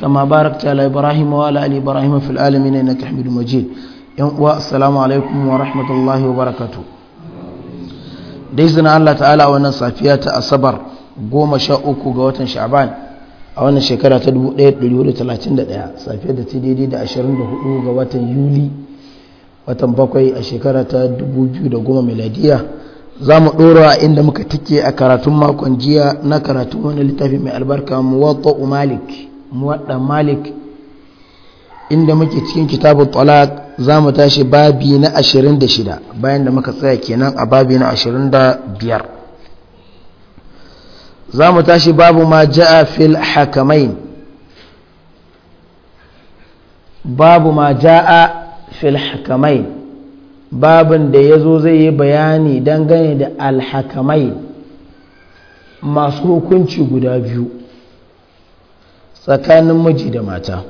كما باركت على إبراهيم وعلى آل إبراهيم في العالمين إنك حميد مجيد السلام عليكم ورحمة الله وبركاته دايزنا الله تعالى وانا صافيات أصبر goma sha uku ga watan sha'ban a wannan shekara ta 1431 safiya da ta daidai da 24 ga watan yuli watan bakwai a shekara ta 2010 za mu ɗora inda muka tike a karatun makon jiya na karatun wani littafi mai albarka muwatta malik muwadda malik inda muke cikin kitabu talaq za mu tashi babi na 26 bayan da muka tsaya kenan a babi na 25 za mu tashi babu ma ja'a fil hakamain babu ma ja'a fil hakamain babin da ya zo zai yi bayani dangane da alhakamai masu hukunci guda biyu tsakanin miji da mata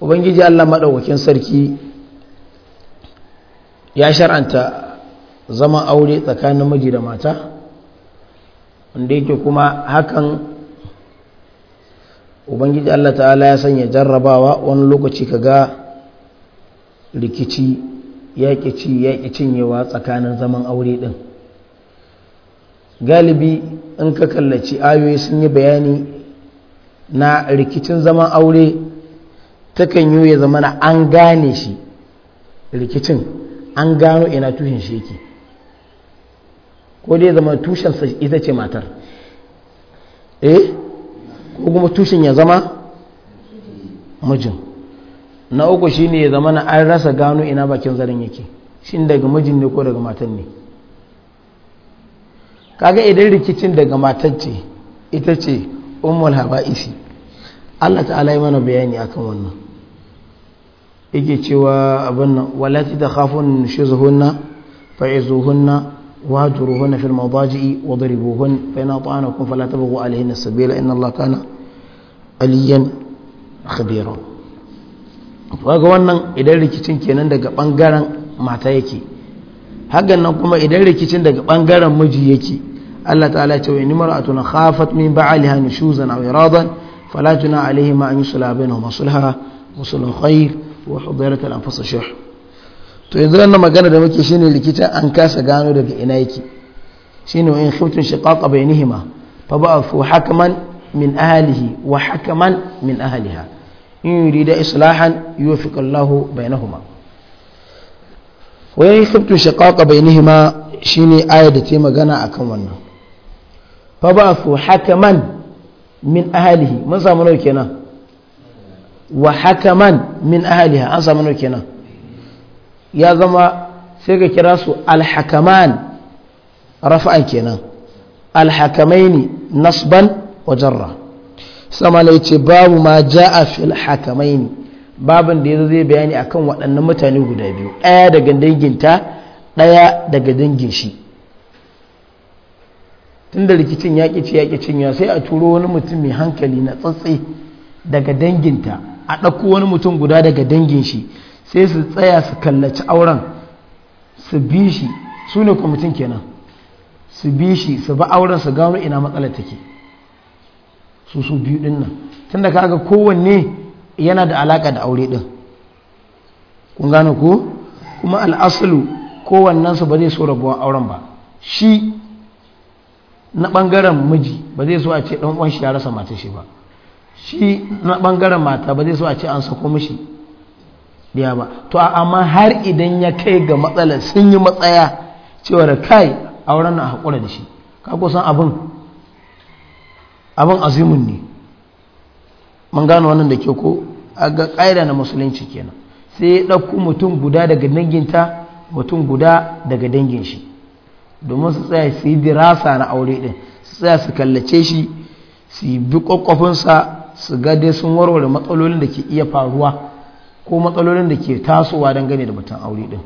ubangiji allah maɗaukakin sarki ya shar'anta zaman aure tsakanin miji da mata wanda yake kuma hakan ubangiji allah ta'ala ya sanya jarrabawa wani lokaci ka ga rikici yaƙi ci yaƙi cinyewa tsakanin zaman aure ɗin galibi in ka kallaci ayoyi sun yi bayani na rikicin zaman aure takan yi ya zama na an gane shi rikicin an gano ina tushen shi yake ko dai zama tushensa ita ce matar eh ko kuma tushen ya zama mijin na uku shine ya zama na an rasa gano ina bakin zarin yake shin daga mijin ne ko daga matan ne kaga idan rikicin daga matan ce ita ce umar haba'isi Allah ta'ala yi mana bayani akan wannan yake cewa abin walati da khafun shuzuhunna fa'izuhunna واهجروهن في المضاجع وضربوهن فإن أطعنكم فلا تبغوا na السبيل إن الله كان aliyan khabira wannan idan rikicin kenan daga bangaren mata yake hakan nan kuma idan rikicin daga bangaren miji yake Allah ta'ala ce wa in mar'atun khafat min ba'liha nushuzan aw iradan fala tuna alaihima an yusla bainahuma sulha wa sulhu khair wa hudirat al anfus shuh to yanzu wannan magana da muke shine likita an kasa gano daga ina yake shine wa in khiftum shiqaqa bainihima fa ba'athu hakaman min ahlihi wa hakaman min ahliha in yurida islahan yuwaffiq Allahu bainahuma wai khiftu shiqaqa bainihima shine ayar da ta magana akan wannan fa ba'athu hakaman min ahlihi mun samu nawa kenan wa hakaman min ahliha an samu nawa ya zama sai ka kira su alhakaman rafa'an kenan alhakamaini nasban wajen ra. sama babu ma ja'a fil hakamaini babin da zo zai bayani akan waɗannan mutane guda biyu ɗaya daga danginta ɗaya daga dangin shi tunda rikicin yaƙi ƙi ya sai a turo wani mutum mai hankali na tsatsi daga danginta a ɗauko wani mutum guda daga dangin shi sai su tsaya su kallaci auren su bi shi su ne kwamitin kenan su bi shi su ba auren su gano ina matsalar take su su biyu ɗin nan tunda kaga kowanne yana da alaka da aure din kun gane ku kuma al'asalu su ba zai so rabuwan auren ba shi na ɓangaren miji ba zai so a ce ɗan shi ya rasa mata shi ba shi na ɓangaren mata ba zai so a ce an sako mishi biya ba to amma har idan ya kai ga matsala sun yi matsaya cewar kai auren na haƙura da shi kakosan abin abin azimin ne man gano wannan da ke ko a ga ƙa'ida na musulunci kenan sai ya ɗauko mutum guda daga danginta mutum guda daga dangin shi domin su tsaya su yi dirasa na aure ɗin su tsaya su kallace shi su yi bi ƙwaƙwafinsa su ga dai sun warware matsalolin da ke iya faruwa ko matsalolin da ke tasowa dangane da mutum aure ɗin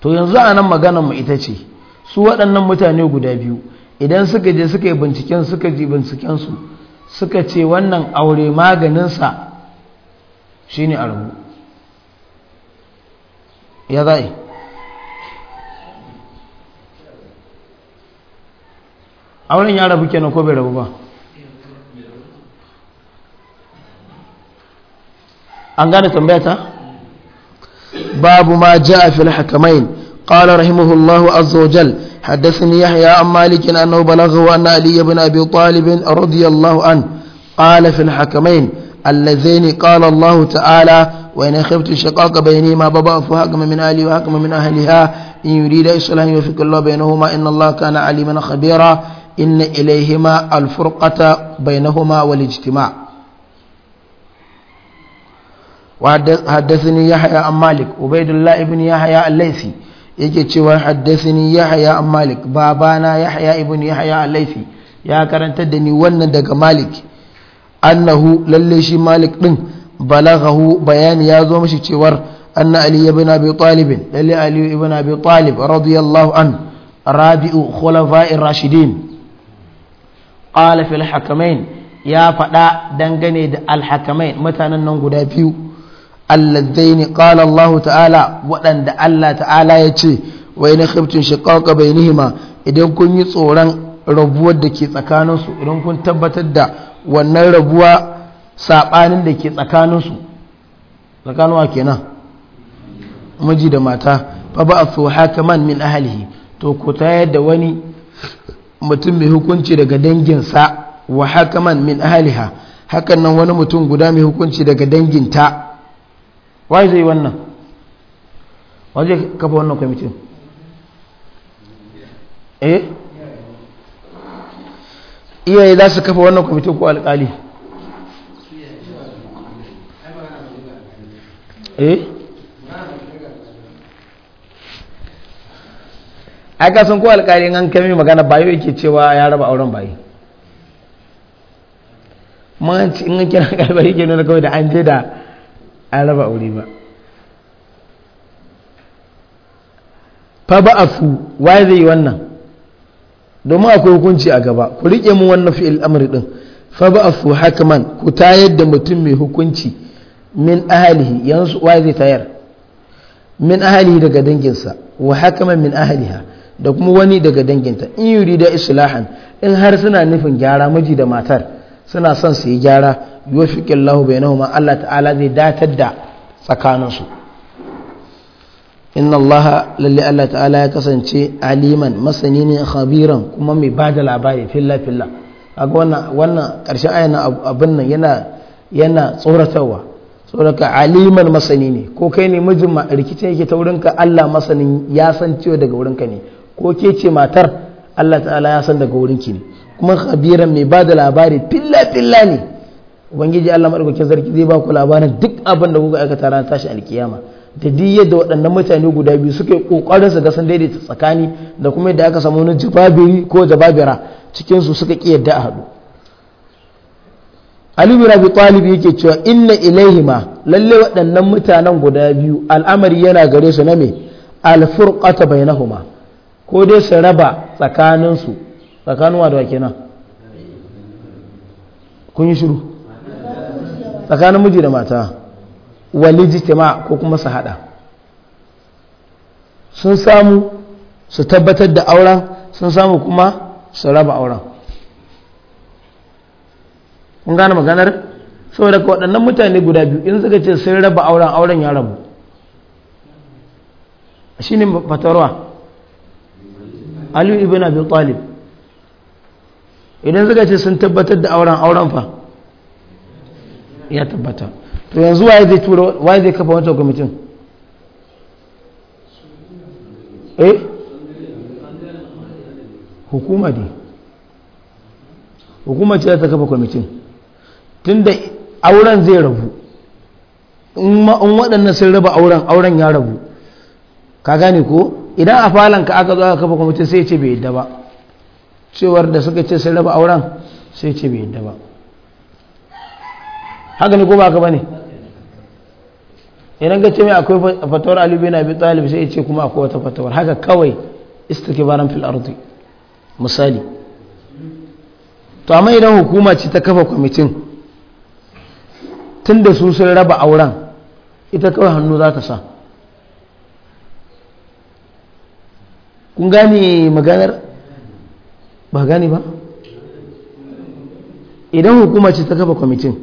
to yanzu a nan maganar mu ita ce su waɗannan mutane guda biyu idan suka je suka yi binciken suka ji bincikensu suka ce wannan aure maganinsa shi ne arhu ya za'i auren ya rabu kenan ko bai rabu ba an gane tambayata babu ma ja a filhakamain قال رحمه الله عز وجل حدثني يحيى عن مالك أنه بلغه أن علي بن أبي طالب رضي الله عنه قال في الحكمين اللذين قال الله تعالى وإن خفت الشقاق بينهما بابا فحكم من أهلي وحكم من أهلها إن يريد إصلاح يوفق الله بينهما إن الله كان عليما خبيرا إن إليهما الفرقة بينهما والاجتماع وحدثني يحيى عن مالك عبيد الله بن يحيى الليثي yake cewa haddathani yahya an malik babana yahya ibn yahya al-laifi ya karantar da ni wannan daga malik annahu lalle shi malik din balaghahu bayani ya zo mishi cewar anna ali ibn abi talib lalle ali ibn abi talib radiyallahu an rabi'u khulafa'ir rashidin qala fil hakamain ya faɗa dangane da al-hakamain mutanen nan guda biyu alladaini qala Allah ta'ala waɗanda Allah ta'ala ya ce wa in khiftum shiqaqa bainihima idan kun yi tsoron rabuwar da ke tsakaninsu idan kun tabbatar da wannan rabuwa sabanin da ke tsakaninsu tsakanuwa kenan miji da mata fa su hakaman min ahlihi to ku tayar da wani mutum mai hukunci daga danginsa wa hakaman min ahliha hakan nan wani mutum guda mai hukunci daga danginta wai zai wannan waje zai kafa wannan kwamitin eh iyaye za su kafa wannan kwamitin ko alkali eh aka sun ko alkali an kame magana bayo yake cewa ya raba auren bayi manci in kira kalbari ke nuna kawai da an je da an raba fa ba waye zai yi wannan domin akwai hukunci a gaba ku riƙe mu wannan fi'il amri din fa ba afu ku tayar da mutum mai hukunci min ahalihi yanzu waye zai tayar min ahalihi daga danginsa wa hakman min ahaliha da kuma wani daga danginta in yurida islahan in har suna nufin gyara miji da matar suna son su yi gyara yuwafiqin lahu bainahuma Allah ta'ala zai datar da tsakaninsu inna Allah lalle Allah ta'ala ya kasance aliman masani ne khabiran kuma mai ba da labari filla filla a wannan wannan karshen ayyana abin nan yana yana tsoratarwa saboda aliman masani ne ko kai ne mijin ma rikice yake ta wurinka Allah masanin ya san cewa daga wurinka ne ko ke ce matar Allah ta'ala ya san daga wurinki ne kuma khabiran mai ba da labari filla filla ne ubangiji Allah madaukakin sarki zai ba ku labarin duk abin da kuka aikata ranar tashi alkiyama da duk yadda waɗannan mutane guda biyu suka yi ƙoƙarin su ga san daidaita tsakani da kuma yadda aka samu wani jababiri ko jababira cikin su suka ƙi yadda a haɗu Ali bin Abi Talib yake cewa inna ilaihima lalle waɗannan mutanen guda biyu al'amari yana gare su na me al-furqata bainahuma ko dai su raba tsakaninsu tsakanin wadawa kenan kun yi shiru tsakanin miji da mata tema ko kuma su hada sun samu su tabbatar da auren sun samu kuma su raba auren kun gane maganar saboda daga waɗannan mutane guda biyu in suka ce sun raba auren auren ya rabu shi ne fatarwa aliyu ibn abi talib idan suka ce sun tabbatar da auren auren fa ya tabbata to yanzu waye zai tura wa zai kafa wancan kwamitin eh hukuma ne hukuma ce ta kafa kwamitin tunda auren zai rabu in waɗannan sun raba auren auren ya rabu ka gane ko idan a falon ka aka zo aka kafa kwamitin sai ce bai yadda ba cewar da suka ce sai raba auren sai ce bai yadda ba haka ne ko ba bane idan ka ce mai akwai fatawar alibi na bi Talib sai ce kuma akwai wata fatawar haka kawai baran fil arzi misali to amma idan hukuma ce ta kafa kwamitin tunda su sun raba auren ita kawai hannu za ta sa kun gane maganar ba gani ba idan hukuma ce ta kafa kwamitin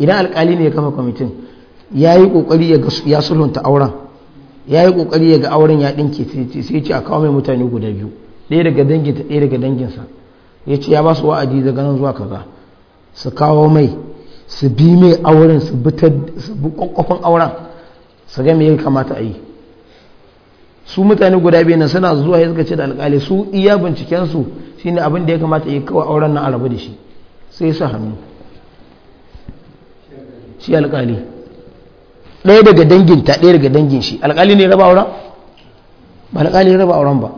idan alkali ne ya kafa kwamitin ya yi kokari ya sulhunta auren ya yi kokari ya ga auren ya ɗinke sai ce a kawo mai mutane guda biyu ɗaya daga danginta ɗaya daga danginsa ya ce ya ba su wa'adi daga nan zuwa kaza su kawo mai su bi mai auren su bi kwakwafin auren su ga mai kamata a yi su mutane guda biyu na suna zuwa ya suka ce da alkali su iya bincikensu ne abin da ya kamata ya kawo auren nan arabu da shi sai sa hannu shi alƙali ɗaya daga dangin ta ɗaya daga dangin shi alƙali ne raba auren ba alƙali ne raba auren ba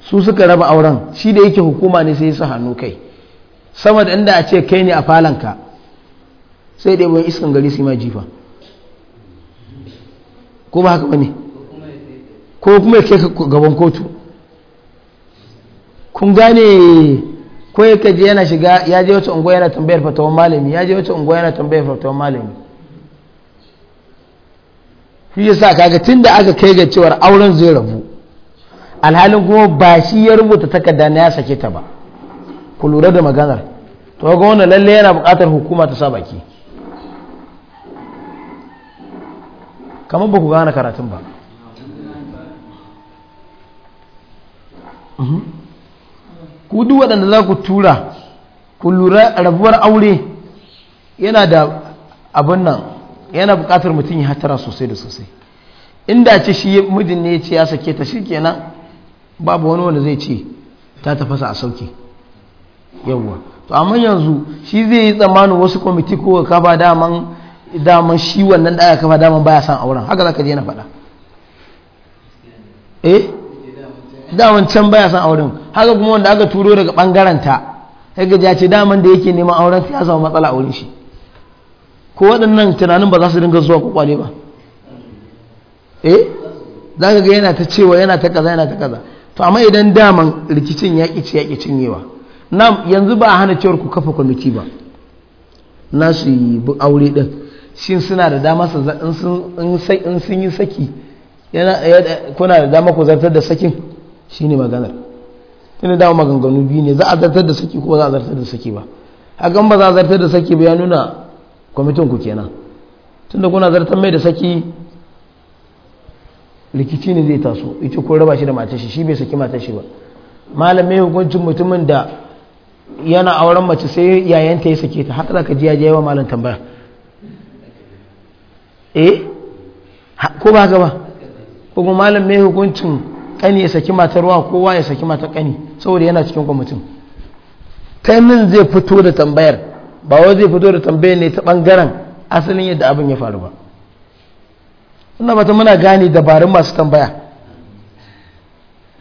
su suka raba auren shi da yake hukuma ne sai sa hannu kai sama da inda a ce kai ne a falanka sai dai wani iskan gari su ma jifa ko ba haka ba ne ko kuma ya kai gaban kotu kun gane ko ya kaji yana shiga ya je wata unguwa yana tambayar fatawan malami ya je wata unguwa yana tambayar fatawan malami shi sa kaga tun da aka kai ga cewar auren zai rabu alhalin kuma ba shi ya rubuta takarda na ya sake ta ba ku lura da maganar to ga wannan lalle yana bukatar hukuma ta sa baki kamar ba ku gane karatun ba mhm. ku duk waɗanda za ku tura ku lura rabuwar aure yana da abin nan yana buƙatar mutum ya hatara sosai da sosai inda ce shi mijin ne ya ce ya sake ta shi kenan babu wani wanda zai ce ta tafasa a sauke yawwa to amma yanzu shi zai yi tsammanin wasu kwamiti ko kafa daman daman shi wannan da aka kafa daman baya son auren haka zaka je na faɗa eh daman can baya san auren haka kuma wanda aka turo daga bangaren ta haka ya ce daman da yake neman auren ya samu matsala auren shi ko waɗannan tunanin ba za su dinga zuwa kwakwale ba eh za ka ga yana ta cewa yana ta kaza yana ta kaza to amma idan daman rikicin ya ƙi ya ƙi cinyewa na yanzu ba a hana cewar ku kafa kwamiti ba na su yi aure ɗin shi suna da dama in sun yi saki kuna da dama ku zartar da sakin Shi ne maganar da dawo maganganu biyu ne za a zartar da saki ko za a zartar da saki ba hakan ba za a zartar da saki ba ya nuna kwamitin ku kenan tunda kuna zartar mai da saki rikici ne zai taso ita ko raba shi da mace shi shi bai saki mace shi ba malamai hukuncin mutumin da yana auren mace sai yayanta ya sake ta haka zaka ji ya je wa malam tambaya eh ko ba haka ba ko kuma malam mai hukuncin kani ya saki matar ruwa kowa ya saki matar kani saboda yana cikin kwamitin kanin zai fito da tambayar ba wai zai fito da tambayar ne ta ɓangaren asalin yadda abin ya faru ba ina bata muna gane dabarun masu tambaya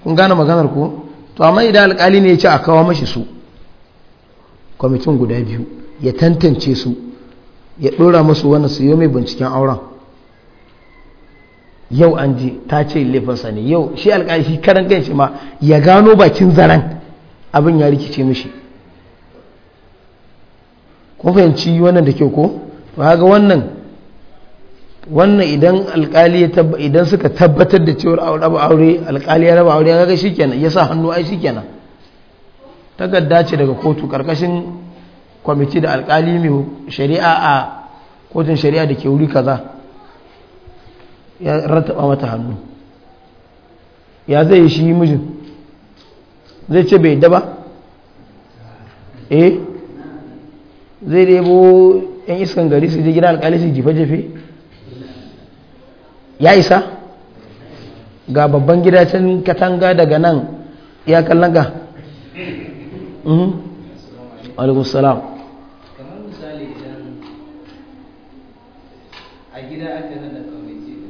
kun gane maganar ku to amma idan alkali ne ya ce a kawo mashi su kwamitin guda biyu ya tantance su ya ɗora musu wannan su yi mai binciken auren yau an ji ta ce laifinsa ne yau shi alƙashi karan karan shi ma ya gano bakin zaren abin ya rikice mishi ko fahimci wannan da kyau ko ba ga wannan wannan idan alƙali idan suka tabbatar da cewar raba aure alƙali ya raba aure ya ga kenan ya sa hannu ai Ta takarda ce daga kotu karkashin kwamiti da alƙali mai shari'a a kotun shari'a da ke wuri kaza ya rattaba mata hannu ya zai shi mijin zai ce bai daba eh zai debo yan iskan gari su je gida alkali su jife jefe ya isa ga babban gida can katanga daga nan ya kallon ga mhm. alaikun salam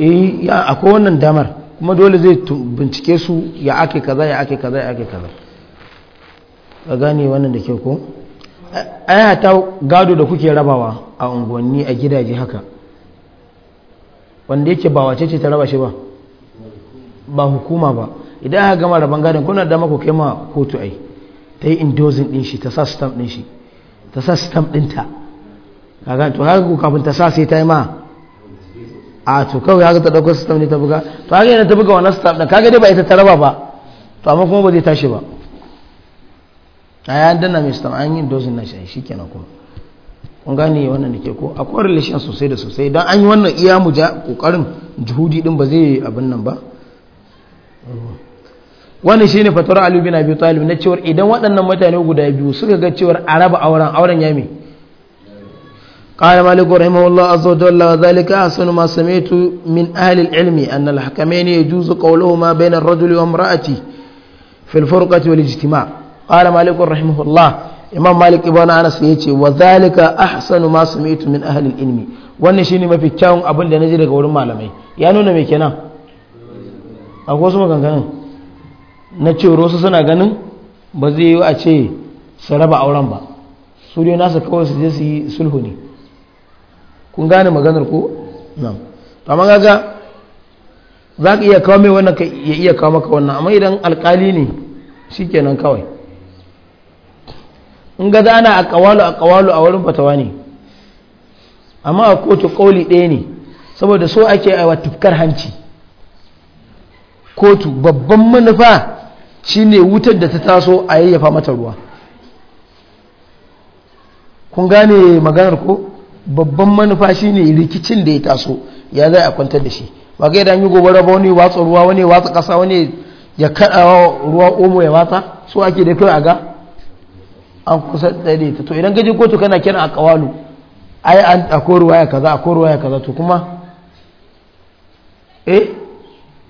Eh, akwai wannan damar kuma dole zai bincike su ya ake kaza ya ake kaza ya ake kaza ga gane wannan da ke ko ai ta gado da kuke rabawa a unguwanni a gidaje haka wanda yake ba wace ce ta raba shi ba ba hukuma ba idan aka gama raban gadon kuna dama ko kai ma kotu ai ta yi indozin din shi ta sa stamp din shi ta sa stamp din ta kaga to haka ku kafin ta sa sai ta yi ma a to kawai haka ta ɗauko system ne ta buga to haka yana ta buga wannan system ɗin kaga dai ba ita ta raba ba to amma kuma ba zai tashi ba a yayin danna mai system an yi dozin na shi shi kenan kuma kun gane wannan da ke ko akwai relation sosai da sosai don an yi wannan iya mu ja kokarin juhudi din ba zai abin nan ba wani shi ne fatawar alubi na biyu talib na cewar idan waɗannan mutane guda biyu suka ga cewar a raba auren auren ya mai قال مالك رحمه الله عز وجل وذلك أحسن ما سمعت من أهل العلم أن الحكمين يجوز قولهما بين الرجل وامرأته في الفرقة والاجتماع قال مالك رحمه الله إمام مالك ابن أنس يتي وذلك أحسن ما سمعت من أهل العلم wannan shine mafi kyawun abin da na ji daga wurin malamai ya nuna mai kenan akwai wasu maganganun na cewar wasu suna ganin ba zai yi a ce su raba auren ba su dai nasu kawai su je su yi sulhu ne kun gane maganar ko nan amma ga za ka iya kawo mai wannan ka iya iya kawo maka wannan amma idan alkali ne shi nan kawai in ga zana a kawalu a kawalu a wurin fatawa ne amma a kotu kauli ɗaya ne saboda so ake aiwa tufkar hanci kotu babban manufa shine wutar da ta taso a yayyafa mata ruwa kun gane maganar ko babban manufa shi ne rikicin da ya taso ya zai a kwantar da shi ba ga idan yi gobe, raba wani watsa ruwa wani watsa kasa wani ya kada ruwa omo ya watsa so ake da kai a ga an kusa ta. to idan gajin kotu kana kira a kawalu ai an akwai ruwa ya kaza akwai ruwa ya kaza to kuma eh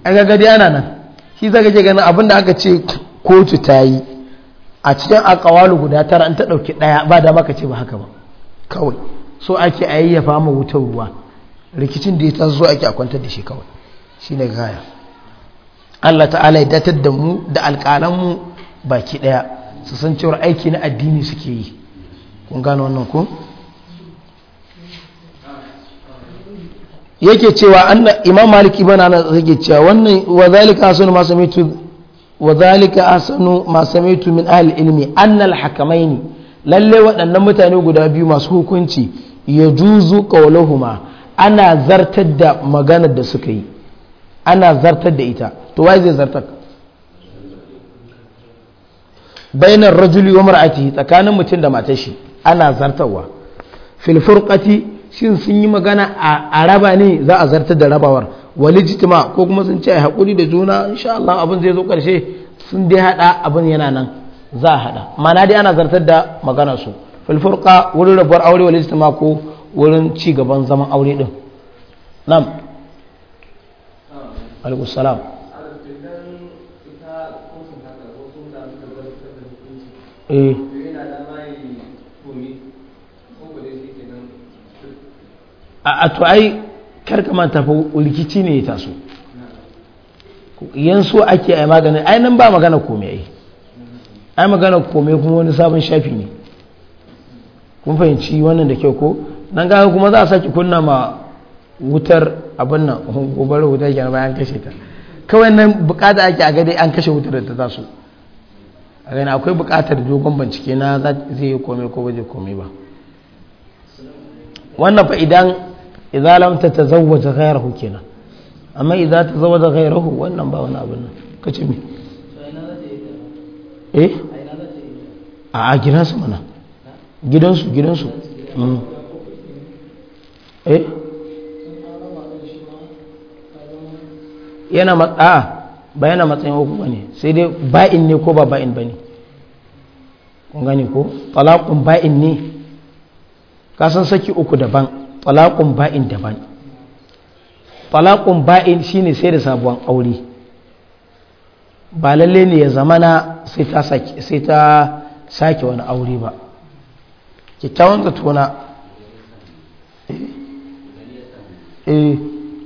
an gagadi ana nan shi zaka je ganin da aka ce kotu ta yi a cikin akawalu guda tara an ta dauki daya ba da maka ce ba haka ba kawai so ake ayyafa ma wutar ruwa rikicin da ya zo ake a da shi kawai ne gaya Allah ta'ala ya datar da mu da alƙalan baki daya su san cewar aiki na addini suke yi kun gano wannan ku yake cewa annan imam maliki bana na zage cewa wannan wa zalika asanu ma samitu wa zalika asanu ma samitu min ahli ilmi annal hakamaini lalle waɗannan mutane guda biyu masu hukunci ya juzu ƙaunahuma ana zartar da maganar da suka yi ana zartar da ita to wai zai zartar bainar rajuli wa mar'ati tsakanin mutum da matar shi ana zartarwa filfurkati furqati shin sun yi magana a raba ne za a zartar da rabawar walijitima ko kuma sun ce hakuri da juna insha Allah abin zai zo ƙarshe sun dai haɗa abin yana nan za a haɗa mana dai ana zartar da magana su filfurka wurin rabuwar aure wal ijtima mako wurin ci gaban zaman aure din Nan. alaikum salam eh. a to ai karka manta tafi ulkici ne ya taso yan so ake ai maganin ai nan ba magana komai ai ai magana komai kuma wani sabon shafi ne kun fahimci wannan da kyau ko nan ga kuma za a saki kunna ma wutar abin nan gobar wutar kenan bayan kashe ta kawai nan bukata ake a gade an kashe wutar da ta su. a gani akwai bukatar dogon bincike na zai yi komai ko ba zai komai ba wannan fa idan idan lam ta tazawwaja ghayrahu kenan amma idza ta tazawwaja ghayrahu wannan ba wani abin nan kace me eh a su mana gidansu gidansu hmm. eh yana matsa ba yana matsayin uku ba ne sai dai ba'in ne ko ba ba'in ba ne kun gane ko talaqun ba'in ne kasan saki uku daban talaqun ba'in daban talaqun ba'in shine sai da sabuwan aure ba lalle ne ya zamana sai ta sake wani aure ba kyakkyawan zatona eh, eh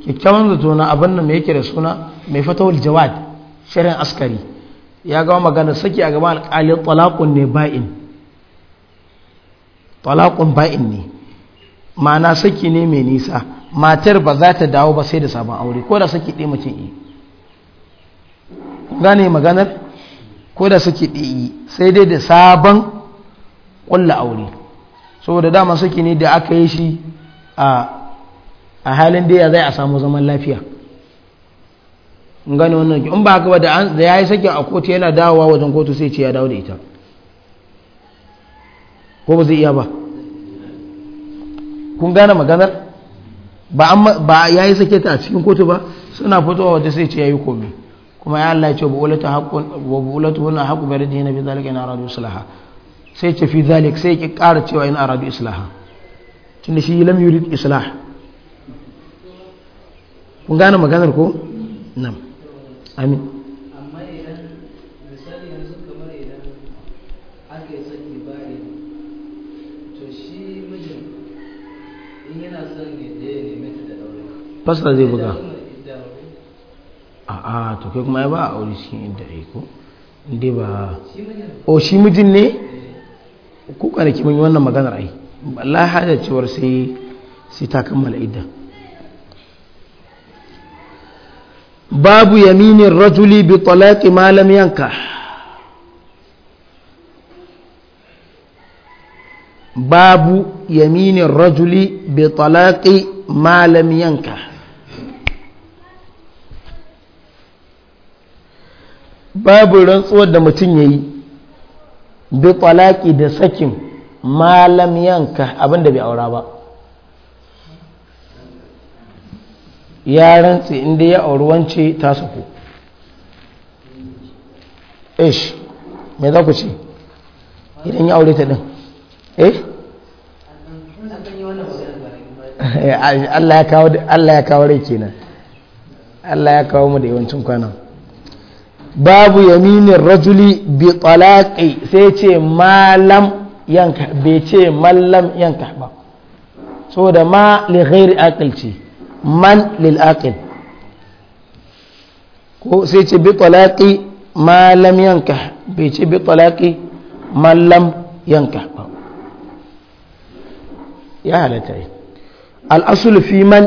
kyakkyawan zatona abin nan mai yake da suna mai fatawar jawad shirin askari ya gama magana saki a gaban alƙalin talakun ne ba'in talakun ba'in ne ma'ana saki ne mai nisa matar ba za ta dawo ba sai da sabon aure ko da saki ɗaya mace yi gane maganar ko da saki ɗaya yi sai dai da sabon ƙulla aure saboda dama saki ne da aka yi shi a halin da ya zai a samu zaman lafiya gani wannan in ba haka ba da ya yi sakin a kotu yana dawowa wajen kotu sai ce ya dawo da ita ko ba zai iya ba kun gane maganar ba ya yi sake ta a cikin kotu ba suna fitowa wajen sai ce ya yi komi kuma ya Allah ya ce wa bulatu haƙu haqqu da raddihi nabi zalika yana radu salaha sai ce fi zalik sai ki ƙara cewa in aradu islaha tunda shi lam yurid islah kun gane maganar ko nan amin amma zai buga a a to kai kuma ya ba a wuri cikin inda aiko inda ba o oh, shi mijin ne eh. Ku kwanaki mun yi wannan maganar ai la hada cewar sai sai ta kammala idda babu yaminin rajuli bi talaqi ma lam yanka babu yaminin rajuli bi talaqi ma lam yanka babu rantsuwar da mutum yayi bi talaki da sakin malam yanka abinda bai aura ba ya rantse inda ya auri wance ta saku ish mai za ku ce idan ya aure ta din eh, eh Allah ya kawo rai kenan Allah ya kawo mu da yawancin kwanan babu yaminin rajuli bi talaqi sai ce malam yanka bai ce mallam yanka ba saboda ma li ghairi aqil ce man lil aqil ko sai ce bi talaqi malam yanka bai ce bi talaqi mallam yanka ba ya halatta al aslu fi man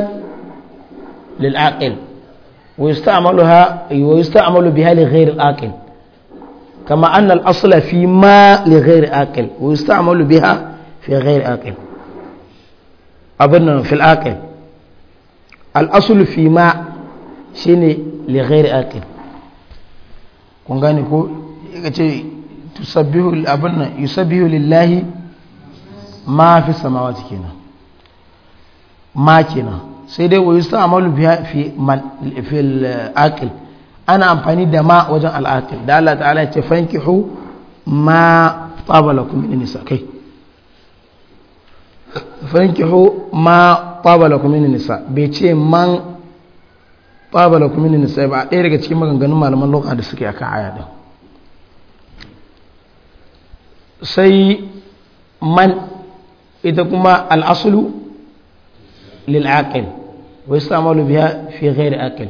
lil aqil ويستعملها ويستعمل بها لغير العاقل كما أن الأصل في ما لغير عاقل ويستعمل بها في غير عاقل أظن في العاقل الأصل في ما شيني لغير عاقل كونغانيكو gane ko ya ce لله ما في السماوات كنا ما كنا sai dai wayu sta amalu biya fi man fil aqil ana amfani da ma wajen al'aqil da Allah ta'ala ya ce fankihu ma tabalakum min nisa kai fankihu ma tabalakum min nisa bai ce man tabalakum min nisa ba ɗaya daga cikin maganganun malaman lokacin da suke akan aya din sai man ita kuma al'asulu lil'aƙil ويستعمل بها في غير أكل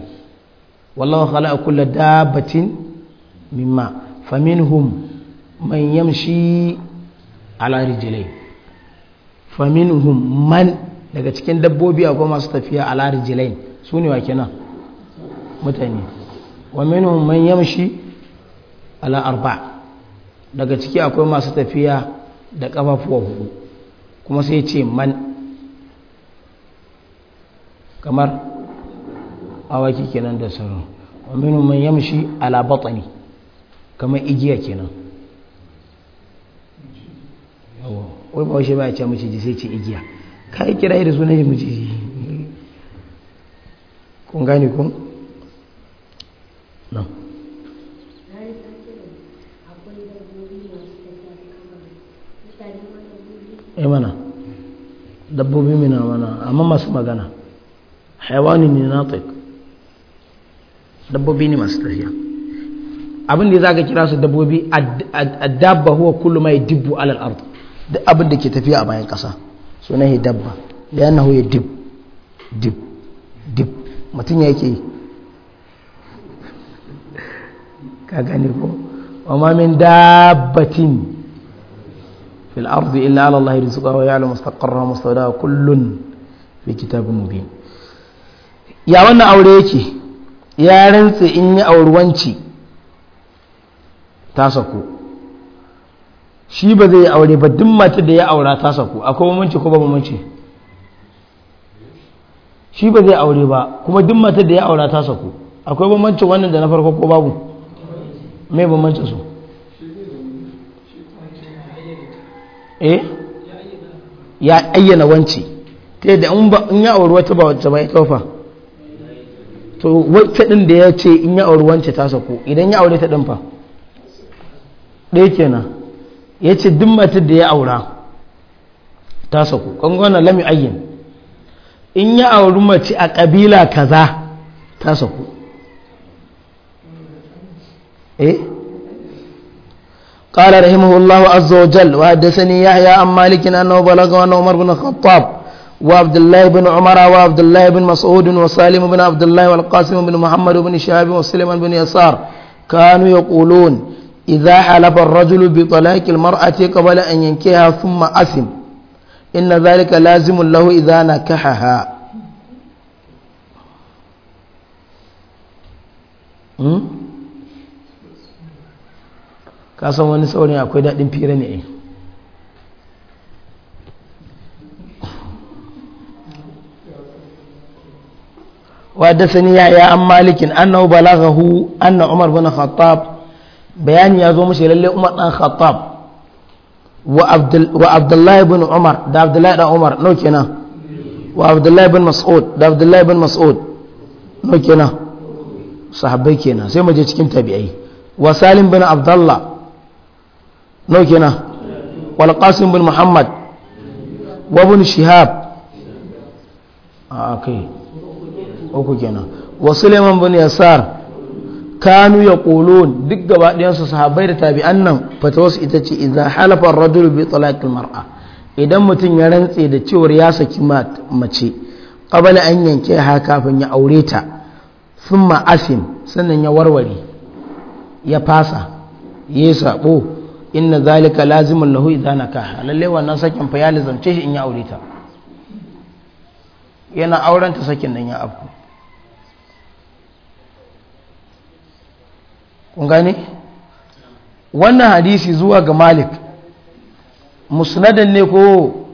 والله خلق كل دابة مما فمنهم من يمشي على رجلين فمنهم من daga cikin dabbobi akwai masu tafiya a lari jilain su ne wa kenan mutane wa minhum man yamshi ala arba daga ciki akwai masu tafiya da kafafuwa hudu kuma sai ce man kamar awaki kenan da sauran wani minhum man yamshi ala kamar igiya kenan wai ba shi ba ya ce miciji sai ce igiya k'a yi kira da sunan mace kun gani kun nan eh mana dabbobi mina mana amma masu magana haiwani ne na dabbobi ne masu tafiya abin da za ka kira su dabbobi a dabba huwa kullum mai dibbu alal ardu duk abin da ke tafiya a bayan kasa su na yi dabba da yana huye dib dib dib mutum ya ke ka gani ko amma min dabbatin fil ardu illa ala Allah rizqaha wa ya'lamu mustaqarraha wa mustawdaha kullun fi kitabin mubin ya wannan aure yake ya rantse in yi auruwanci ta sako. shi ba zai yi aure ba duk matar da ya aura ta sako. akwai mamanci ko ba mamanci shi ba zai aure ba kuma duk matar da ya aura ta sako. akwai mamanci wannan da na farko ko babu mai mamanci su eh ya ayyana wanci ta yadda in ya auruwa wata ba wata ba ya taufa to wacce din da ya ce in ya auri wance ta sako idan ya aure ta ɗin fa ɗaya kenan ya ce duk matar da ya aura ta sako kwangwana lami ayyin in ya auri mace a ƙabila kaza ta sako eh قال رحمه الله عز وجل وحدثني يحيى عن مالك انه بلغ عن عمر بن الخطاب وعبد الله بن عمر وعبد الله بن مسعود وسالم بن عبد الله والقاسم بن محمد بن شهاب وسليمان بن يسار كانوا يقولون إذا حلف الرجل بطلاق المرأة قبل أن ينكحها ثم أثم إن ذلك لازم له إذا نكحها kasan wani saurayi akwai daɗin fira ne eh وحدثني يحيى عن مالك انه بلغه ان عمر بن الخطاب بيان يا زوم لله عمر بن الخطاب وعبد وعبد الله بن عمر ده عبد الله بن عمر نو كنا وعبد الله بن مسعود ده عبد الله بن مسعود نو كنا صحابي كنا sai mu je cikin tabi'ai wa salim bin abdullah نو كنا والقاسم بن محمد وابن شهاب آه, اوكي uku kenan wa Suleiman bin Yasar kanu ya yaqulun duk gaba ɗayan su da tabi'an nan fatawas ita ce idan halafa radul rajul bi talaqil mar'a idan mutum ya rantse da cewar ya saki mace ƙabala an yanke ha kafin ya aure ta sun asim sannan ya warware ya fasa ya yi sabo inna zalika lazimin lahu idan nakaha lallewa nan sakin fa ya shi in ya aure ta yana aurenta sakin nan ya abu kun gane wannan hadisi zuwa ga malik musnadin ne ko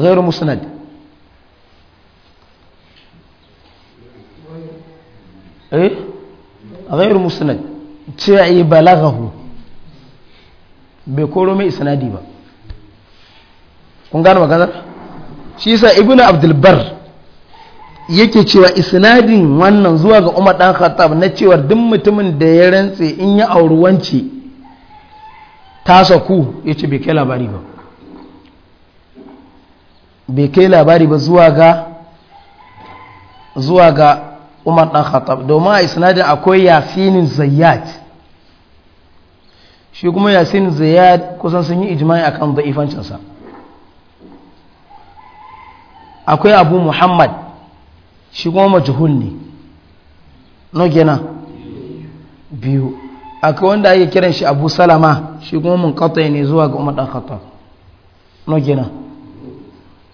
zairu musnad eh ghairu musnad ce ai bai koro mai isnadi ba kun gane maganar shi yasa ibnu Abdulbar bar yake cewa isnadin wannan zuwa ga umar dan khattab na cewa duk mutumin da ya rantse in ya auri wance ta saku yace bai kai labari ba bai kai labari ba zuwa ga zuwa ga umar dan khattab domin a isnadin akwai yasinin zayyat shi kuma yasinin zayyat kusan sun yi ijma'i akan da'ifancinsa akwai abu muhammad shi kuma majuhul ne no gina biyu akwai wanda ake kiran shi abu salama shi kuma mun kata ne zuwa ga umar dan kata no gina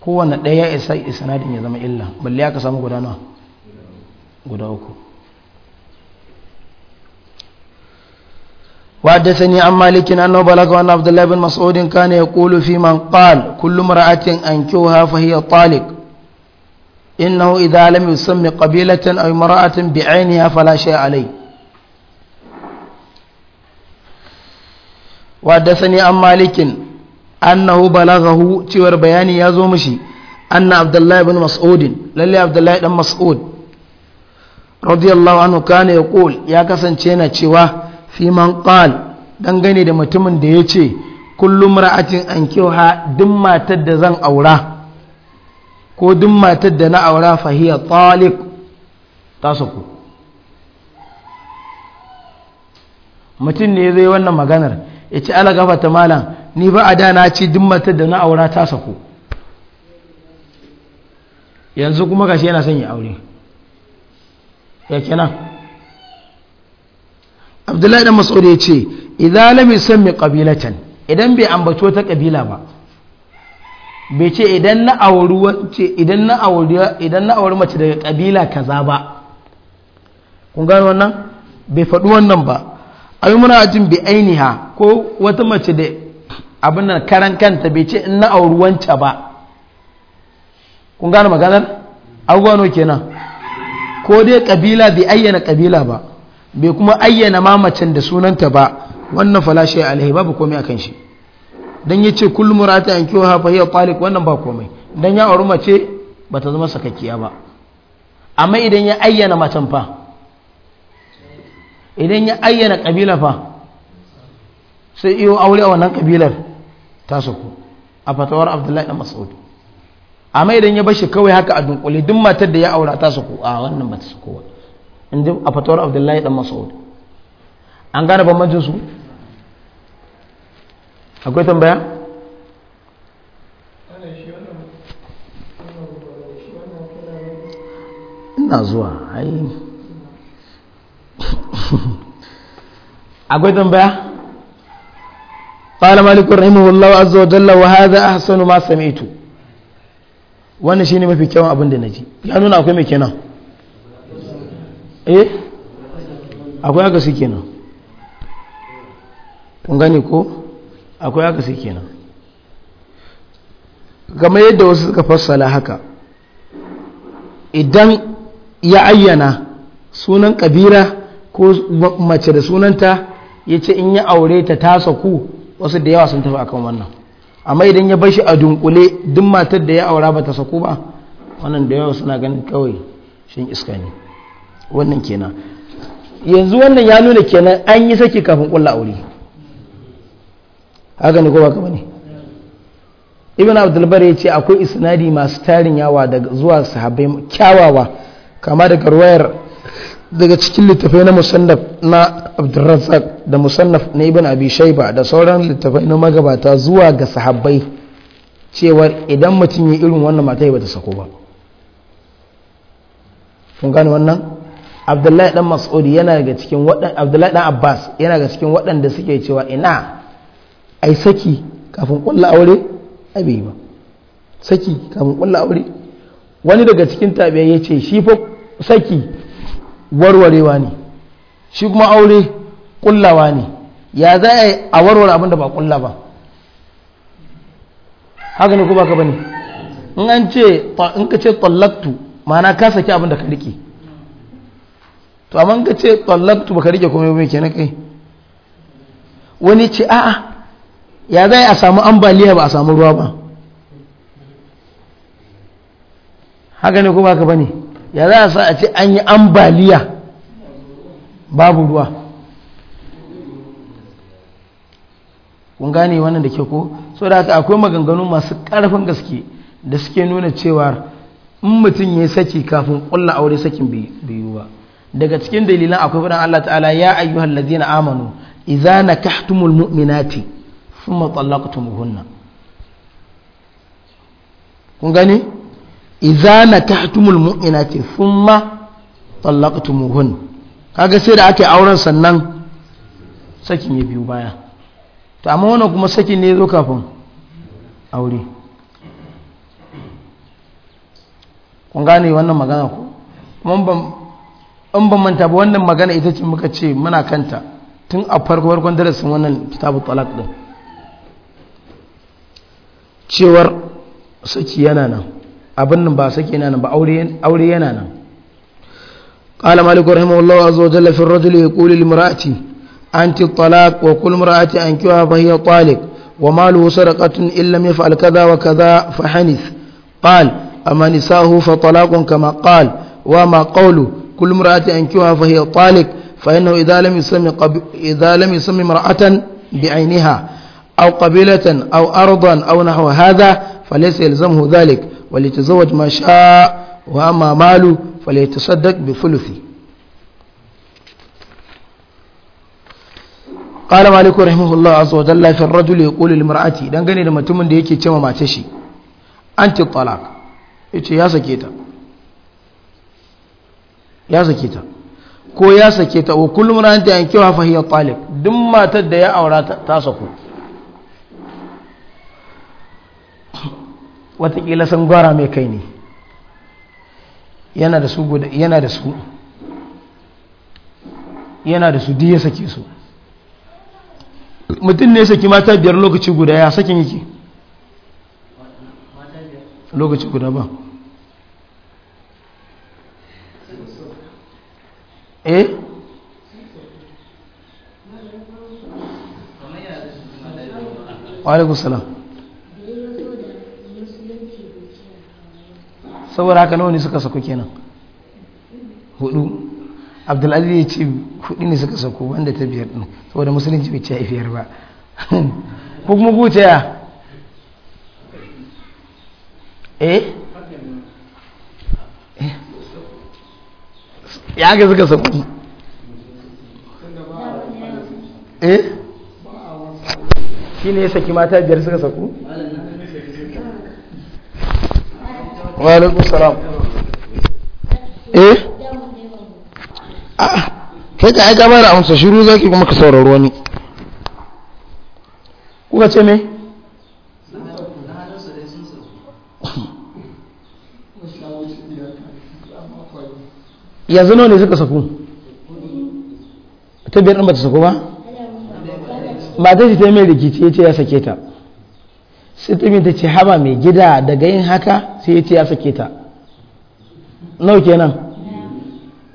kowanne ɗaya ya isa isnadin ya zama illa balle ka samu guda guda uku وحدثني عن مالك أنه بلغ أن عبد الله بن مسعود كان يقول في من قال كل مرأة أنكوها فهي طالق إنه إذا لم يسمي قبيلة أو امرأة بعينها فلا شيء عليه وحدثني عن مالك أنه بلغه تور بياني يزومشي أن عبد الله بن مسعود للي عبد الله بن مسعود رضي الله عنه كان يقول يا كسن تشينا تشوا في من قال دنغني دمتمن mutumin كل ya أنكوها kullum ra'atin an ko duk matar da na aura fahiyar talik ta suku mutum ne zai wannan maganar ya ci ala gafa ta malam ni ba a dana ci duk matar da na aura ta suku yanzu kuma gashi yana son ya aure ya kina. abdullahi da masaudi ya ce idan lamisan mai ƙabilatan, idan bai ambato ta ƙabila ba bai ce idan na auri idan na auri idan na auri mace daga kabila kaza ba kun gano wannan bai faɗi wannan ba ai muna jin bi ainiha ko wata mace da abin nan karan kanta bai ce in na auri wance ba kun gano maganar agwano kenan ko dai kabila bai ayyana kabila ba bai kuma ayyana mamacin da sunanta ba wannan falashe alhaiba ba komai akan shi dan yace kullum murata an kiwa hafa hiya talik wannan ba komai dan ya auri mace bata zama sakakkiya ba amma idan ya ayyana macen fa idan ya ayyana kabila fa sai iyo aure a wannan kabilar ta saku a fatawar abdullahi da mas'ud amma idan ya bashi kawai haka a dunkule duk matar da ya aura ta saku a wannan ba ta saku ba a fatawar abdullahi da mas'ud an gane bambancin su akwai tambaya ina zuwa ayi akwai tambaya قال مالك رحمه الله عز a sanu أحسن sami سمعت wannan shine mafi kyawun abin da naji ya nuna akwai mai kenan eh akwai aka su kenan kun gane ko akwai haka sai kenan game yadda wasu suka fassala haka idan ya ayyana sunan kabira ko mace da sunanta ya ce in ya aure ta tasa ku wasu da yawa sun tafi akan wannan amma idan ya bashi a dunkule duk matar da ya aura ba ta saku ba wannan da yawa suna ganin kawai shin iska ne wannan kenan yanzu wannan ya nuna kenan an yi saki kafin kulla aure haka ne ko ba ka bane ibn abdulbar ya ce akwai isnadi masu tarin yawa daga zuwa sahabbai kyawawa kama daga ruwayar daga cikin littafai na musannaf na abdurrazzaq da musannaf na ibn abi shaiba da sauran littafai na magabata zuwa ga sahabbai cewa idan mutum yi irin wannan mata ba ta sako ba kun gane wannan abdullahi dan mas'udi yana daga cikin waɗanda abdullahi dan abbas yana daga cikin waɗanda suke cewa ina ai saki kafin kulla aure ai bai ba saki kafin kulla aure wani daga cikin tabiya ya ce shi fa saki warwarewa ne shi kuma aure kullawa ne ya za a yi a warware abin da ba kulla ba haka ne ko ba bane in an ce in ka ce tallaktu ma'ana ka saki abin da ka rike to amma ka ce tallaktu ka rike komai ba kenan kai wani ce a'a ya zai a samu ambaliya ba a samu ruwa ba haka ne ko ba ka bane ya za a sa a ce an yi ambaliya babu ruwa kun gane wannan da ke ko so da haka akwai maganganu masu karfin gaske da suke nuna cewa in mutum ya saki kafin ƙulla aure sakin biyu yi ba daga cikin dalilan akwai faɗin Allah ta'ala ya ayyuhal ladzina amanu iza nakahtumul mu'minati thumma talaqtumuhunna kun gani idza nakahtumul mu'minati thumma talaqtumuhun kaga sai da ake auren sannan sakin ya biyu baya to amma wannan kuma sakin ne zo kafin aure kun gane wannan magana ko in ban manta ba wannan magana ita ce muka ce muna kanta tun a farko farkon darasin wannan kitabu talaq din cewar saki yana nan abin nan ba saki yana nan ba aure yana nan قال مالك رحمه الله عز وجل في الرجل يقول لامرأتي أنت الطلاق وكل امرأة أنكها فهي طالق وماله سرقة إن لم يفعل كذا وكذا فحنث قال أما نساه فطلاق كما قال وما قوله كل امرأة أنكها فهي طالق فإنه إذا لم يسمي, قب... إذا لم يسمي امرأة بعينها أو قبيلة أو أرضا أو نحو هذا فليس يلزمه ذلك وليتزوج ما شاء وأما ماله فليتصدق بثلثي قال مالك رحمه الله عز وجل في الرجل يقول لمرأتي دان غني لما تمن دي يكي تشما ماتشي انت الطلاق يتي يا سكيتا يا سكيتا كو يا سكيتا وكل من انت انكيوها فهي طالق دم ما تد يا اورا تاسكو watakila sun gwara mai kai ne yana da su yana da su yana da su ya sake su mutum ne saki mata biyar lokaci guda ya sakin yake lokaci guda ba eh wa alaikun salam saboda haka nawa ne suka sako kenan hudu abdulaziz ya ce hudu ne suka sako wanda ta biyar din saboda musulunci bai ce haifiyar ba ko kuma ku ya eh? eh ya ga suka sako eh shi ne ya saki mata biyar suka sako wa salam eh ah kai ka aika bada amsa shiru zaki kuma ka sauraro wani kuka ce me yanzu nawa ne suka saku ta biyar ɗin ba ta saku ba ba ta ji ta mai rikici ya ce ya sake ta sai tumi ta ce haba mai gida daga yin haka sai ya ce ya sake ta nau kenan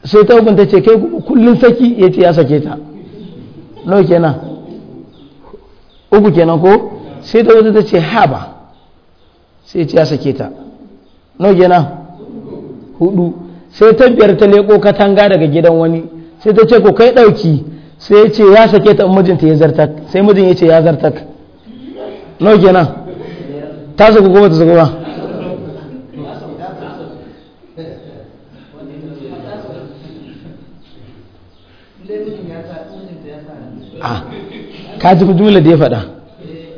sai ta hukunta ce kai kullum saki ya ce ya sake ta nau kenan uku kenan ko sai ta wata ta ce haba sai ya ce ya sake ta nau kenan hudu sai ta biyar ta leko katanga daga gidan wani sai ta ce ko kai dauki sai ya ce ya sake ta mijinta ya zartak sai mijin ya ce ya zartak nau kenan ta zagu ko ba ta ah, zagu ba a ka ji jumla da ya faɗa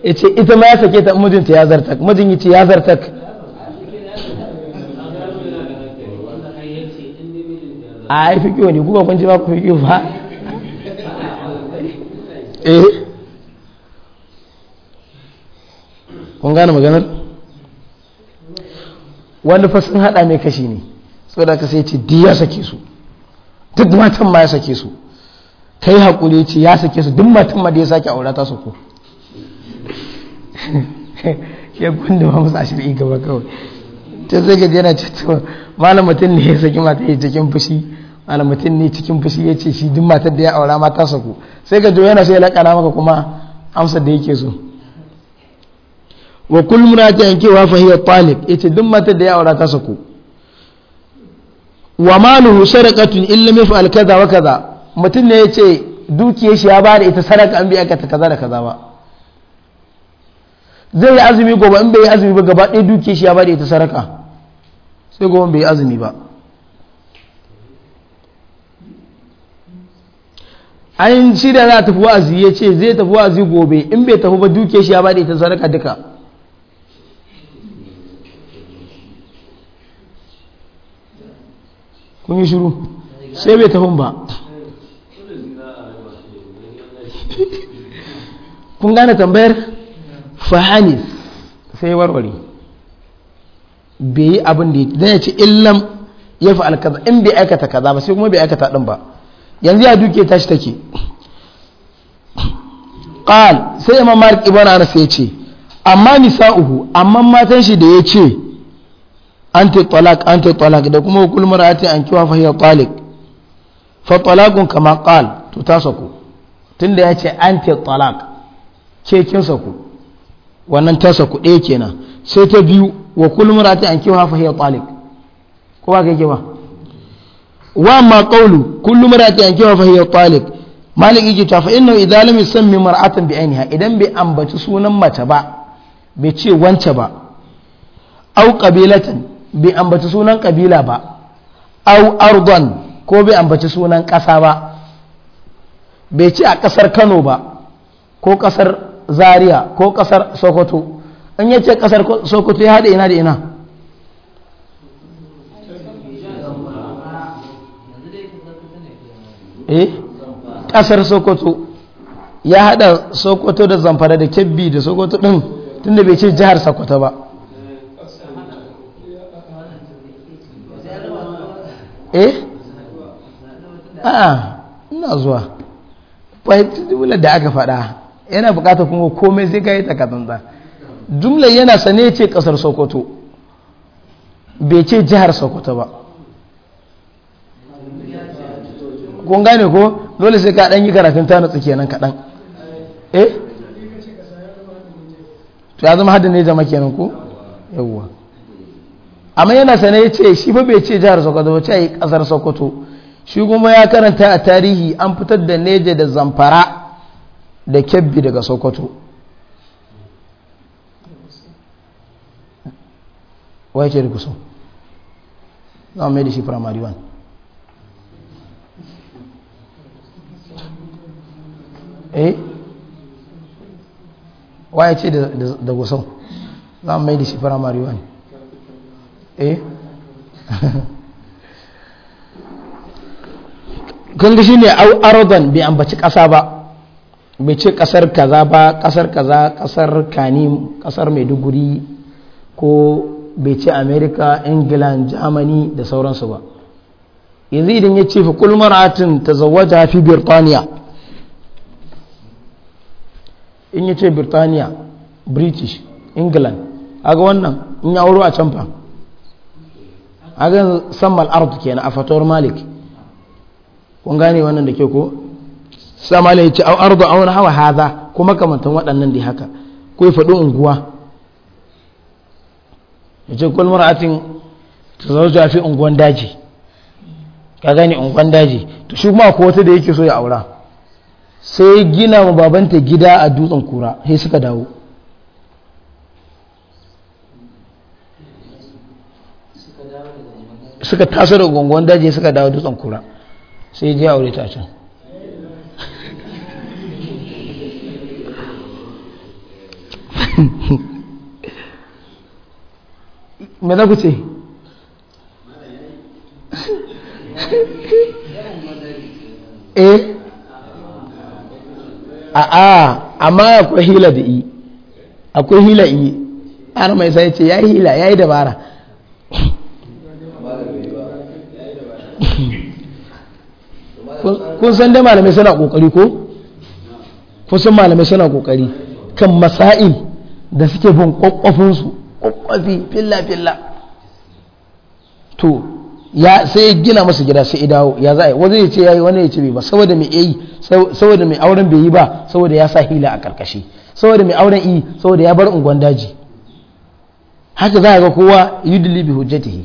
ya ce ita ma ya sake ta mijinta ya zartak mijin ya ce ya zartak a ah, yi fi kiwo ne kuka kwanci ba ku fi kiwo ba eh kun gane maganar wani fasin haɗa hada mai kashi ne sau da ka sai ce di ya sake su duk matan ma ya sake su yi hakuri ce ya sake su duk matan ma da ya sake aura ta sako ya gunda ma musu ashirin gaba kawai ta sai gaji yana cewa malam mutum ne ya saki mata ya cikin fushi malam mutum ne cikin fushi ya ce shi duk matan da ya aura ma ta sako sai ka jo yana sai ya laƙana maka kuma amsar da yake so wa kullu ta yankewa fa hiya talib ita duk mata da ya aura ta saku wa maluhu sarakatun illa mif'al kaza wa kaza mutum ne yace dukiyar shi ya bada ita saraka an biya ta kaza da kaza ba zai yi azumi gobe in bai yi azumi ba gaba ɗaya dukiyar shi ya bada ita saraka sai gobe bai yi azumi ba an da za a tafi wa'azi ya ce zai tafi wa'azi gobe in bai tafi ba dukiyar shi ya bada ita saraka duka kun yi shiru sai bai tafin ba kun gane tambayar fahanis sai warware bai yi abin da ya ce illam ya fi alkaza in bai aikata kaza ba sai kuma bai aikata ɗin ba yanzu ya duke tashi take ƙal sai imam malik ibn anas ya ce amma nisa'uhu amma matan shi da ya ce anti talaq anti talaq da kuma kullu mar'ati an kiwa fa hiya talik fa talaqun kama qal to ta saku tunda ya ce anti talaq ke kin saku wannan ta saku ɗaya kenan sai ta biyu wa kullu mar'ati an kiwa fa hiya talik ko ba kake ba wa ma qawlu kullu mar'ati an kiwa fa hiya talik malik yake ta fa innahu idza lam yusammi mar'atan bi ainiha idan bai ambaci sunan mace ba bai ce wance ba au qabilatan bai ambaci sunan kabila ba au ardon ko bai ambaci sunan ƙasa ba bai ci a ƙasar kano ba ko ƙasar zaria ko ƙasar sokoto in ya ce ƙasar sokoto ya haɗe ina da ina eh ƙasar sokoto ya haɗa sokoto da zamfara da kebbi da sokoto ɗin tunda bai ce jihar sokoto ba eh a'a ina zuwa fahimci da aka faɗa yana bukatar kuma komai zai ka yi jumla jumlar yana sane ce kasar sokoto bai ce jihar sokoto ba kun gane ko dole sai ka ɗan yi karatun ta nutsu kenan kaɗan eh to ya zama hadin ne jama kenan ku yawwa amma yana sane ce shi ba bai ce jihar sokoto ba ce kasar sokoto shi kuma ya karanta a tarihi an fitar da neje da zamfara da kebbi daga sokoto wai ce rikusu na mai da shi firamari wani eh waye ce da gusau za mai da shi firamari wani eh kun ga shine au aradan bai ambaci kasa ba bai ce ƙasar kaza ba ƙasar kaza ƙasar kani ƙasar maiduguri ko bai ce america england germany da sauransu ba yanzu idan ya ce kulmar maratin ta zawaja fi birtaniya in ya ce birtaniya british england aga wannan in ya wuro a can fa aga sammal ard kenan a fatawar malik kun gane wannan da ke ko sama ne ce a ardu wani hawa haza kuma kamantan waɗannan da haka ku yi faɗi unguwa ya ce kul mar'atin tazawwaju fi unguwan daji ka gane unguwan daji to shi kuma ko wata da yake so ya aura sai gina ma babanta gida a dutsen kura sai suka dawo suka taso da gungun daji suka dawo dutsen kura sai ji aure ta can me za ku ce eh a'a amma akwai hila da i akwai hila i har mai sai ce ya yi hila ya yi dabara kun san dai malamai suna kokari ko kun san malamai suna kokari kan masa'il da suke bin kwakwafin su kwakwafi filla filla to ya sai ya gina masa gida sai ya dawo ya za'a wani ya ce yayi wani ya ce bai ba saboda mai yayi saboda mai auren bai yi ba saboda ya sa hila a karkashi saboda mai auren yi saboda ya bar unguwan daji haka za a ga kowa yudli bi hujjatihi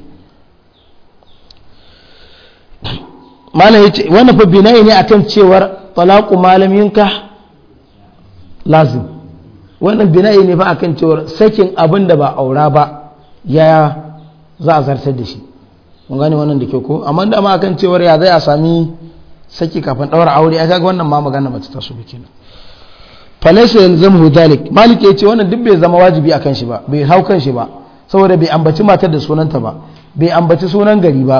malam yace wannan fa bina'i ne akan cewar talaku malaminka yunka lazim wannan bina'i ne fa akan cewar sakin abin da ba aura ba ya za a zartar da shi mun gane wannan da ke ko amma da ma akan cewar ya zai a sami saki kafin daura aure ai kaga wannan ma magana mace ta taso ba kenan falaisa yalzamu dalik malik ya ce wannan duk bai zama wajibi a kan shi ba bai hau kan shi ba saboda bai ambaci matar da sunanta ba bai ambaci sunan gari ba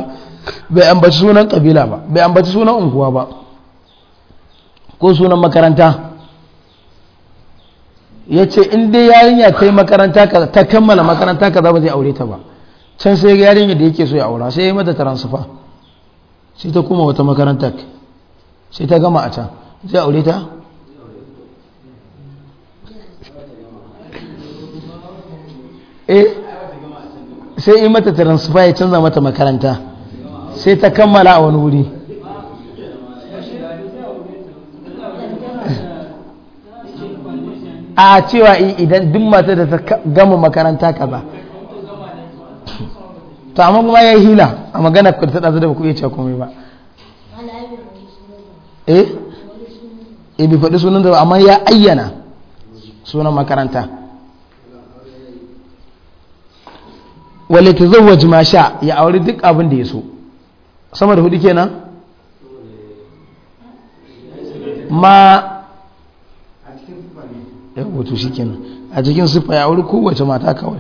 bai ambaci sunan kabila ba bai ambaci sunan unguwa ba ko sunan makaranta ya ce in dai yarinya ta yi makaranta ta kammala makaranta ka zama zai aure ta ba can sai yarinya da yake so ya aura sai ya yi mata taransifa sai ta kuma wata makaranta sai ta gama a can zai aure ta eh sai yi mata taransifa ya canza mata makaranta sai ta kammala a wani wuri a cewa idan duk mata da ta gama makaranta kaza to amma kuma ya yi hila a magana ku ta ɗazu da ba ku iya cewa komai ba eh eh bi faɗi sunan da ba amma ya ayyana sunan makaranta wale ta zauwa sha ya auri duk abin da ya so sama da hudu kenan ma ya wato shi a cikin siffa ya wuri kowace mata kawai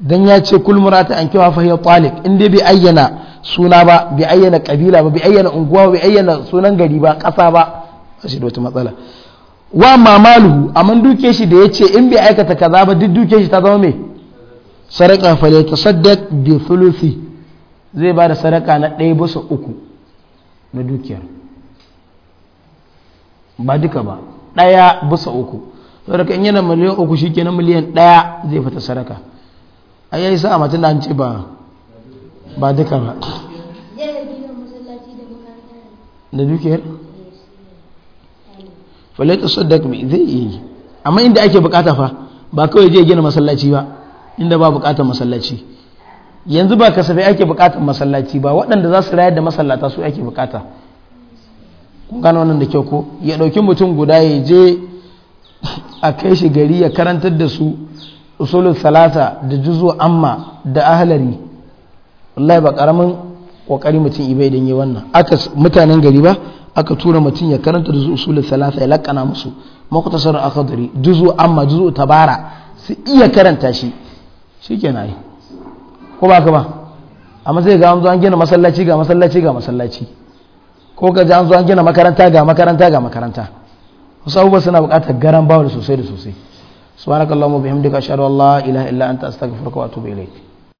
don ya ce kulmura ta an kewa fahiyar in bai ayyana suna ba bai ayyana kabila ba bai ayyana unguwa bai ayyana sunan gari ba kasa ba a shi da wata matsala wa mamaluhu amma duke shi da ya ce in bai aikata kaza ba duk duke shi ta zama mai sarƙa fale ta saddak bi thuluthi zai ba da sadaka na ɗaya bisa uku na dukiyar ba duka ba ɗaya bisa uku sadaka in yana miliyan uku shi kenan miliyan ɗaya zai fita sadaka a yayi sa a da an ce ba ba duka ba na dukiyar falaita sadaka mai zai yi amma inda ake bukata fa ba kawai je gina masallaci ba inda ba bukatar masallaci yanzu ba kasafai ake bukatar masallaci ba waɗanda za su rayar da masallata su ake bukata kun gano wannan da kyau ko ya ɗauki mutum guda ya je a kai shi gari ya karantar da su usulun salata da juzo amma da ahalari wallahi ba karamin kokari mutum ibai dan yi wannan aka mutanen gari ba aka tura mutum ya karanta da usulun salata ya lakana musu makutasar akadari juzo amma ta tabara su iya karanta shi shikenan ko ba ka ba amma zai ga an an gina masallaci ga masallaci ga masallaci ko ga ji an an gina makaranta ga makaranta ga makaranta wasu abubuwa suna buƙatar garan bawul sosai da sosai subhanakallahumma bihamdika ashhadu an la ilaha illa anta astaghfiruka wa atubu ilaik